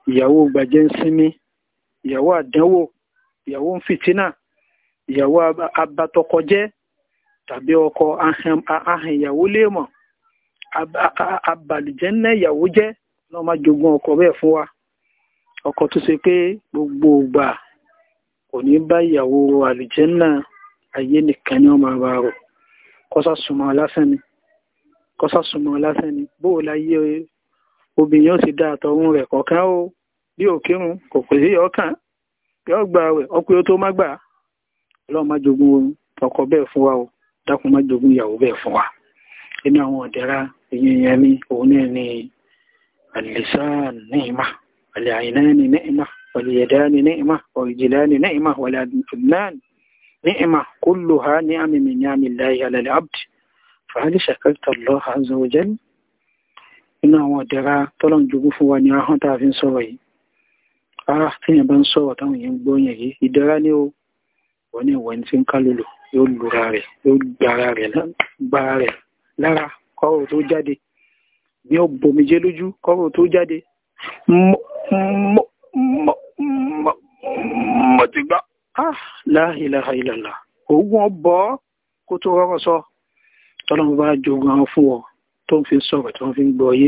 ìyàwó gbàjẹ́ ń sinmi ìyàwó àdánwò ìyàwó ń fìtínà ìyàwó abatọkọjẹ́ tàbí ọkọ ahìn ìyàwó léèmọ̀ abàlìjẹ́ ńlẹ̀ ìyàwó jẹ́ náà má jogún ọkọ bẹ́ẹ̀ fún wa ọkọ tó ṣe pé gbogbo ògbà kò ní bá ìyàwó àlìjẹ́ náà ayé nìkan ni wọ́n máa bá rò kọ́sà súnmọ́ lásán ni kọ́sà súnmọ́ lásán ni bóò láyé obìnrin yóò ti dá àtọ̀run rẹ̀ kọ̀ọ̀kan o bí òkírun kò pèsè ọkàn yọ gbà rẹ̀ ọkùnrin tó má gbà ọlọ́run má jogún ọkọ bẹ́ẹ̀ fún wa o dákun má jogún ìyàwó bẹ́ẹ̀ fún wa inú àwọn ọ̀dẹ́ra èyíyàn ní òun náà ni al-lisan ni'ma wal-'aynan ni'ma wal-yadan ni'ma wal-rijlan ni'ma wal-adnan ni'ma kulluha ni'am min ni'amillahi 'ala al-'abd fa hal shakarta Allah 'azza wa jalla inú àwọn ọ̀dẹ̀ra tọ́lọ́n jogún fún wa ní ahọ́n tá a fi ń sọ̀rọ̀ yìí ara tíyàn bá ń sọ̀rọ̀ táwọn èèyàn ń gbọ́ yẹn yìí ìdẹ̀ra ní o wọ́n ní ìwọ̀n tí ń kálùlù yóò lura rẹ̀ yóò gbara rẹ̀ lára kọ́rọ̀ tó jáde ní ó bòmíjẹ́ lójú kọ́rọ̀ tó jáde mo ti gbá ah, la ilaha illallah oògùn ọbọ̀ kó tó rọ́rọ̀ sọ tọ́lọ́mù bá jogun àwọn fún ọ tó ń fi sọ̀rọ̀ tó ń fi gbọ́ yé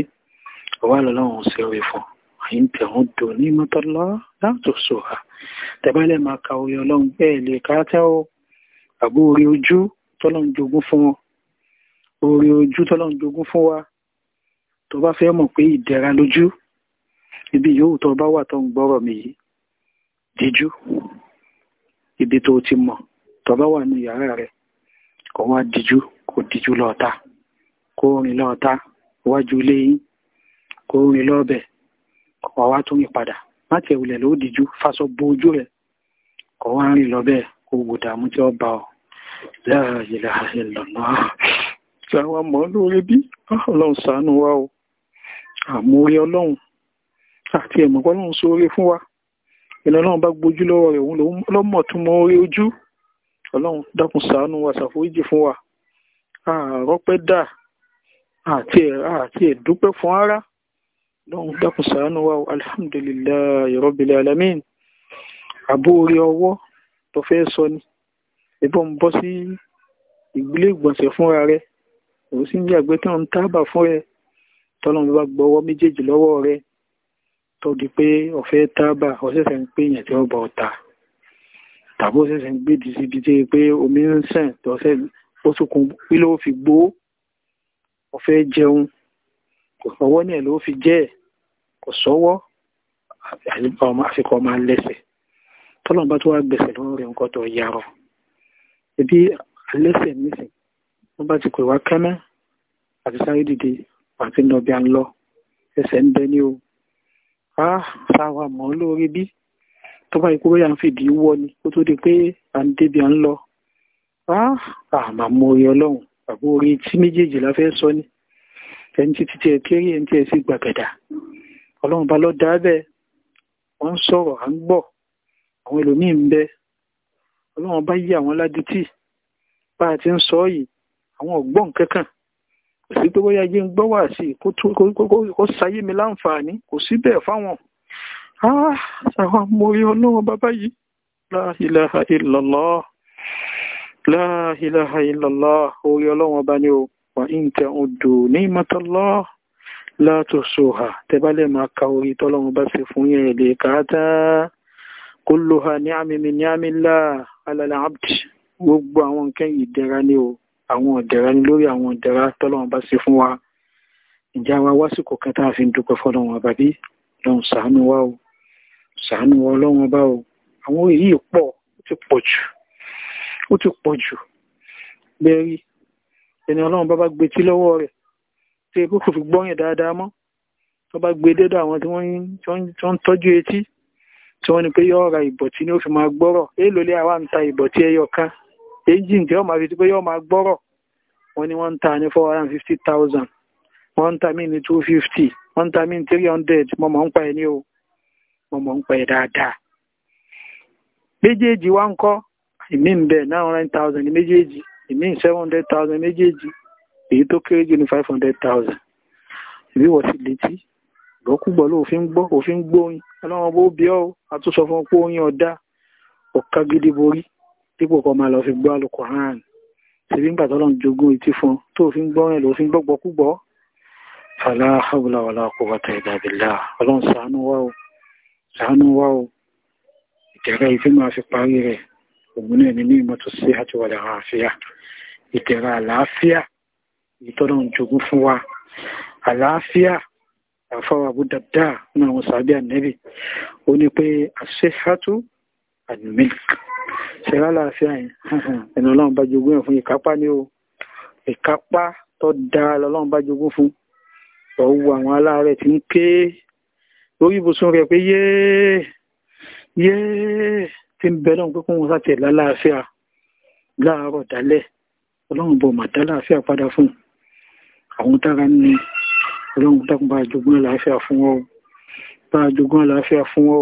ọwá lọ́lọ́run sí orí fún àyí ń tẹ̀wọ́n dò ní mọ́tọ́lá látò sọ̀rọ̀ tẹ̀bálẹ̀ máa ka orí ọlọ́run bẹ́ẹ̀ lè káátẹ́ o àbúrò ojú tọ́lọ́run jogun fún wọn orí ojú tọ́lọ́run jogún fún wa tó bá fẹ́ mọ̀ pé ìdẹ̀ra lójú ibi yòówù tó bá wà tó ń gbọ́rọ̀ mi yìí díjú ibi tó ti mọ̀ tó bá wà ní yàrá rẹ̀ kò wá díjú kò díjú lọ́ọ̀ta kó rìn lọ́ọ̀ta wájú ilé yín kó rìn lọ́ọ̀bẹ̀ kò wá tún rìn padà má tiẹ̀ wulẹ̀ ló díjú faṣọ bo ojú rẹ̀ kò wá rìn lọ́bẹ̀ kó wò dààmú tí ó bá ọ la ilaha illallah tí àwa mọ̀ lórí bí ah, ọlọ́run ṣàánú wa o àmúrí ọlọ́run àti ẹ̀mọ̀ ọlọ́run sóore fún wa ìlú ọlọ́run bá gbójú lọ́wọ́ rẹ̀ òun lọ́mọ̀ tún mọ orí ojú ọlọ́run dákun ṣàánú wa ṣàforíjì fún wa àrọ́pẹ́ dà àti àti ẹ̀dúpẹ́ fún ara lọ́run dákun ṣàánú wa alhamdulillahi rabbil alamin àbóore ọwọ́ tó fẹ́ sọ ni ìbọn bọ́ sí ìgbélé ìgbọ̀nsẹ̀ fúnra rẹ̀ òun sì ń yàgbẹ́ tó ń tábà fún ẹ tọ́lọ́run bá gbọ́wọ́ méjèèjì lọ́wọ́ rẹ tó di pé ọ̀fẹ́ tábà ọ̀sẹ̀sẹ̀ ń pè yàn tí ó bọ̀ ọ̀tà tàbí ọ̀sẹ̀sẹ̀ ń gbèdì síbi tí pé omi ń sàn tọ́sẹ̀ ó sunkún pí ló fi gbó ọ̀fẹ́ jẹun kò ní ẹ̀ ló fi jẹ́ kò sọ́wọ́ àfikọ́ máa lẹ́sẹ̀ tọ́lọ́run bá tó wá gbẹ̀sẹ̀ lọ́wọ́ rẹ̀ nǹkan tó yarọ̀ ẹbí alẹ́sẹ̀ nísìn bó bá ti pè wá kẹ́mẹ́ àti sáré dìde àti lọ bí a ń lọ ẹsẹ̀ ń bẹ ní o á sáwà mọ́ lórí bí tó bá ikú bóyá ń fìdí wọ́ ni kó tó di pé à ń débi à ń lọ á àmà mọ orí ọlọ́run àbó orí tí méjèèjì la fẹ́ sọ ni ẹni tí títí ẹ kéré ẹni tí ẹ sì gbàgàdà ọlọ́run bá lọ dá bẹ́ẹ̀ wọ́n ń sọ̀rọ̀ à ń gbọ́ àwọn ẹlòmíín ń bẹ ọlọ́run bá yí àwọn ládìtì bá a ti ń sọ yìí àwọn ọ̀gbọ́n kankan kò sí pé bóyá jẹ́ ń gbọ́ wà sí kó sayé mi láǹfààní kò sí bẹ́ẹ̀ fáwọn ah, àwọn amórí ọlọ́run bàbá yìí la ilaha illallah la ilaha illallah orí ọlọ́run ọba ni o wà ń tẹ odò ní ìmọ̀tọ́lọ́ látò sóhà tẹ́bálẹ̀ máa ka orí tọ́lọ́run bá ṣe fún yẹn lè káátá kulluha ní àmì mi ní àmì ńlá alàlà abdi gbogbo àwọn nǹkan ìdẹ̀ra ni o àwọn ọ̀dẹ̀ra ni lórí àwọn ọ̀dẹ̀ra tọ́lọ́wọ́n bá ṣe fún wa ìjà wa wásìkò kan tá a fi ń dúpẹ́ fọ́lọ́wọ́n ọba bí lọ́hùn ṣàánú wa o ṣàánú wa ọlọ́wọ́n ọba o àwọn èyí pọ̀ ó ti pọ̀ jù ó ti pọ̀ jù bẹ́ẹ̀rí ẹni ọlọ́run bá bá gbé tí lọ́wọ́ rẹ̀ tí epo kò fi gbọ́yìn dáadáa mọ́ tó bá gbé dédé àwọn tí wọ́n ń tọ́jú etí tí wọ́n ní pé yọ ọ̀ra ìbọ̀tí ni ó fi máa gbọ́rọ̀ èèlò lé àwa ń ta ìbọ̀tí ẹyọ kan èjì nǹkan ọmọ àfi tí pé yóò máa gbọ́rọ̀ wọ́n ní wọ́n ń ta ní four hundred and fifty thousand wọ́n ń ta mí ní two fifty wọ́n ń ta mí ní three hundred mo mọ̀ ń pa ẹ̀ ní o mo mọ̀ ń pa ẹ̀ dáadáa. méjèèjì wá ń kọ́ ìmí ń bẹ̀ nine méjèèjì ìmí seven hundred méjèèjì èyí tó kéré jù ní five ìbí wọ́n sì létí ìgbọ́kúgbọ́ ló òfin gbọ́ òfin gbóyin ọlọ́run bó bí ọ́ àtúnṣọ fún ọ pé oyin ọ̀dá ọ̀ka gidi borí dípò kọ́ máa lọ fi gbọ́ alukoran ṣèbí ńgbà tọ́lọ́ ń jogún etí fún tó fi ń gbọ́rìn ló fi ń gbọ́gbọ́ kúgbọ́ fàlà hàbùlà wàlà quwwata illa billah ọlọ́run ṣàánú wá o ṣàánú wá o ìtẹ̀rẹ́ ìfẹ́ máa fi parí rẹ̀ òun náà ní ní ìmọ̀tò ànẹ́bì ó ní pé àṣẹ́hàtú admilk ṣẹlá láàfíà yìí ẹnu ọlọ́run bá jogún ẹ̀ fún ìkápá ní o ìkápá tó dáa lọ́lọ́run bá jogún fún ọwọ́ àwọn aláàárẹ̀ tí ń ké lórí ibùsùn rẹ̀ pé yéé yéé tí ń bẹ lọ́run pé kóun sá tiẹ̀ lálàáfíà láàárọ̀ dálẹ̀ ọlọ́run bọ̀ mà dálàáfíà padà fún àwọn tára ní ọlọ́run dákun bá jogún àlàáfíà fún ọ bá jogún àlàáfíà fún ọ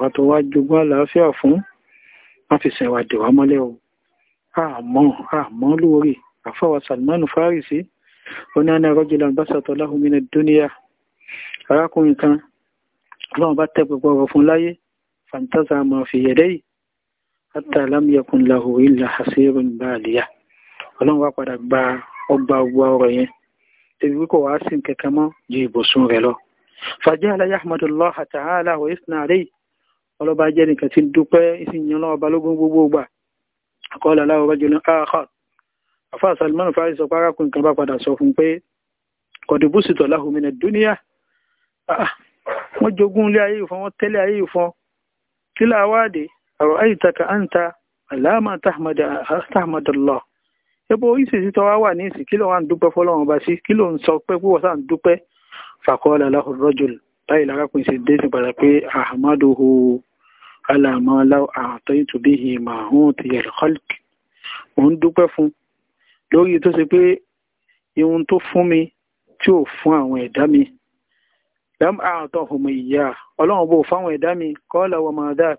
wá tó wá jogún àlàáfíà fún wọ́n fi sìn wá dèwà mọ́lẹ̀ o àmọ́ àmọ́ lórí àfọwà Salman Farisi onáná rọ́jìlá ambassador láhùnmínà dúníyà arákùnrin kan ọlọ́run bá tẹ́ gbogbo ọ̀rọ̀ fún láyé fantaza mọ̀ fi yẹ̀dẹ́ yìí hatta lam yakun lahu illa hasirun padà gba ọgbà ọgbà ọ̀rọ̀ yẹn tẹ̀bí wíkọ̀ wá sí kẹ̀kẹ́ mọ́ ju ìbùsùn rẹ̀ lọ fàjẹ́ aláyé ahmadullah ta'ala wa isna alayhi ọlọ́ba jẹ́ nìkan tí dúpẹ́ ìsìnyìn ọlọ́ọba lógún gbogbo gbà àkọọ́lẹ̀ aláwọ̀ jùlọ àhà àfà Salman Farisi sọ párákùn nǹkan bá padà sọ fún pé kọ̀dùbùsìtọ̀ láhùmínà dúníà ah, wọ́n jogún ilé ayé ìfọn wọ́n tẹ́lẹ̀ ayé ìfọn kí láwáàdé àrò àyítakà àǹta àlámà táhàmàdàlọ́ ẹbọ ìsìsì tọ́wá wà ní ìsìn kí ló wà ń dúpẹ́ fọlọ́run bá sí kí ló ń sọ pé púpọ̀ sáà ń dúpẹ́ fàkọọ́lẹ̀ aláhùn rọ́jòl báyìí lárákùnrin dé sí padà pé ahmaduhu على ما لو أعطيت به ما أوتي الخلق òun dúpẹ́ fún lórí tó ṣe pé ihun tó fún mi tí ò fún àwọn ẹ̀dá mi lam a'tahum iyyah ọlọ́run bò fáwọn ẹ̀dá mi qala wa ma dhak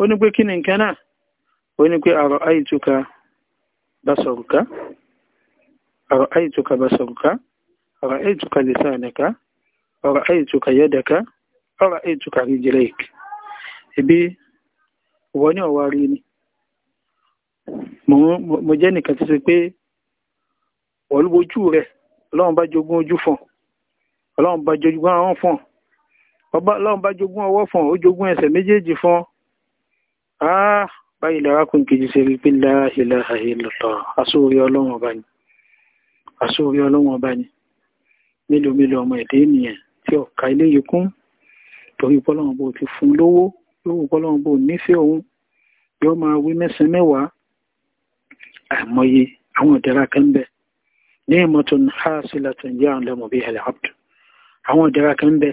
ó ní pé kí ni nǹkan náà ó ní pé ara'aytuka basaruka ara'aytuka basaruka ara'aytuka lisanaka ara'aytuka yadaka ara'aytuka rijlayka ṣebí ìwọ ní ọ̀wà rí ni mo jẹ́ nìkan ti ṣe pé olúwojú rẹ̀ ọlọ́run bá jogún ojú fọ̀n ọlọ́run bá jogún àwọn fọ̀n ọlọ́run bá jogún ọwọ́ fọ̀n ó jogún ẹsẹ̀ méjèèjì fọ̀n áá ah, báyìí lárákùn kejì ṣe rí pé láàhìlá àhìlọ́tọ̀ asóorí ọlọ́run ọba ni asóorí ọlọ́run ọba ni mélòó mélòó ọmọ ẹ̀dẹ́ ènìyàn tí ọ̀ka ilé yìí kún torí pọ́lọ́run bó ti fún lówó yóò gbọ́lọ́run bò nífẹ̀ẹ́ òun yóò máa wí mẹ́sàn-án mẹ́wàá àìmọye àwọn ìdẹ̀ra kan bẹ̀ ní ìmọ̀tò ha sílẹ̀ tó ń jẹ́ àwọn lẹ́mọ̀ bíi ẹ̀lẹ́hàbdù àwọn ìdẹ̀ra kan bẹ̀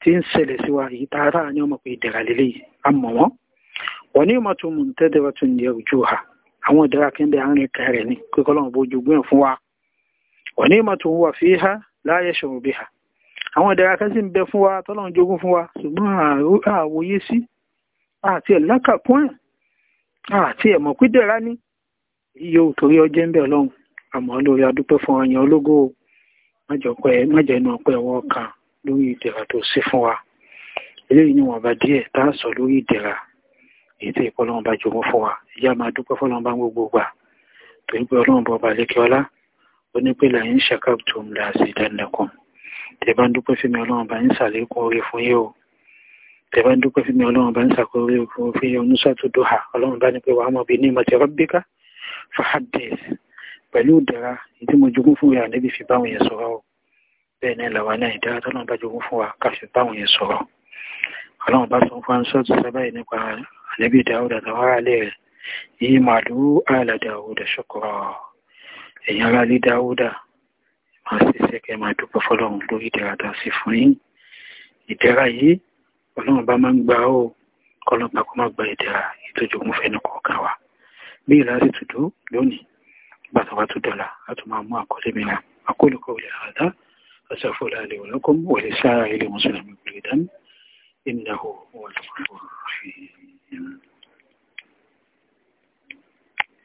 tí ń ṣẹlẹ̀ sí wa yìí tààrà ní ọmọ pé ìdẹ̀ra lélẹ̀ yìí a mọ̀ wọ́n wọ́n ní ìmọ̀tò mú tẹ́tẹ́rẹ́ tó ń jẹ́ ojú ha àwọn ìdẹ̀ra kan bẹ̀ àárín kẹrẹ̀ ni pé bójú gbé fún wa wọ́n ní ìmọ̀tò wà fi ha láyé ṣòro bí ha àwọn ìdára kan sì ń bẹ fún wa tọ́lọ́run jogún fún wa ṣùgbọ́n àwòye sí àti ẹ̀ lákàkún ẹ̀ àti ẹ̀mọ̀ pídẹ̀ra ní iye òtòrí ọjẹ́ ń bẹ̀ lọ́hùn àmọ́ lórí adúpẹ́ fún ọyàn ológo májẹ̀nu ọpẹ́ ẹ̀wọ́ kan lórí ìdẹ̀ra tó sí fún wa eléyìí ni wọ́n bá díẹ̀ tá a sọ lórí ìdẹ̀ra èyí tí ìpọ́lọ́run bá jogún fún wa ìyá máa dúpẹ́ fọ́lọ́run bá ń gbogbo gbà torí pé ọlọ́run bọ̀ balẹ̀ kí ọlá ó ní pé làyín ṣàkàtúm làásìdánilẹ́kùn tẹ̀bá ń dúpẹ́ fún mi ọlọ́run bá ń sàlékún orí fún yíò tẹ̀bá ń dúpẹ́ fún mi ọlọ́run bá ń sàkó orí fún fún yíò nísà tó dóhà ọlọ́run bá ní pé wàá mọ̀ bí ní ìmọ̀tí rabbika fahadis pẹ̀lú ìdára ìdí mo jogún fún yàrá níbi fi báwọn yẹn sọ̀rọ̀ o bẹ́ẹ̀ náà làwa náà ìdára tọ́lọ́run bá jogún fún wa ká fi báwọn yẹn sọ̀rọ̀ ọlọ́run bá sọ fún ansọ́ọ̀tù sábàyí nípa ànábì dáúdà táwọn aráalé rẹ̀ yìí màlúù àlà dáúdà ṣokòrò ẹ̀yìn aráalé dáúdà máa ṣiṣẹ́ kẹ́ máa dúpẹ́ fọ́lọ́run lórí ìdẹ̀ra tá a ṣe fún yín ìdẹ̀ra yìí ọlọ́run bá máa ń gba ó kọ́lọ́n bá kó má gba ìdẹ̀ra ìtòjú mú fẹ́ni kọ̀ọ̀kan wa bí ìlà sì tún dó lónìí nígbà tó bá tún dọ̀la a tún máa mú àkọlé mìíràn àkọlù kọ́ òlẹ̀ àdá أسافر عليه ولكم ولسائر المسلمين بالدم إنه هو الغفور الرحيم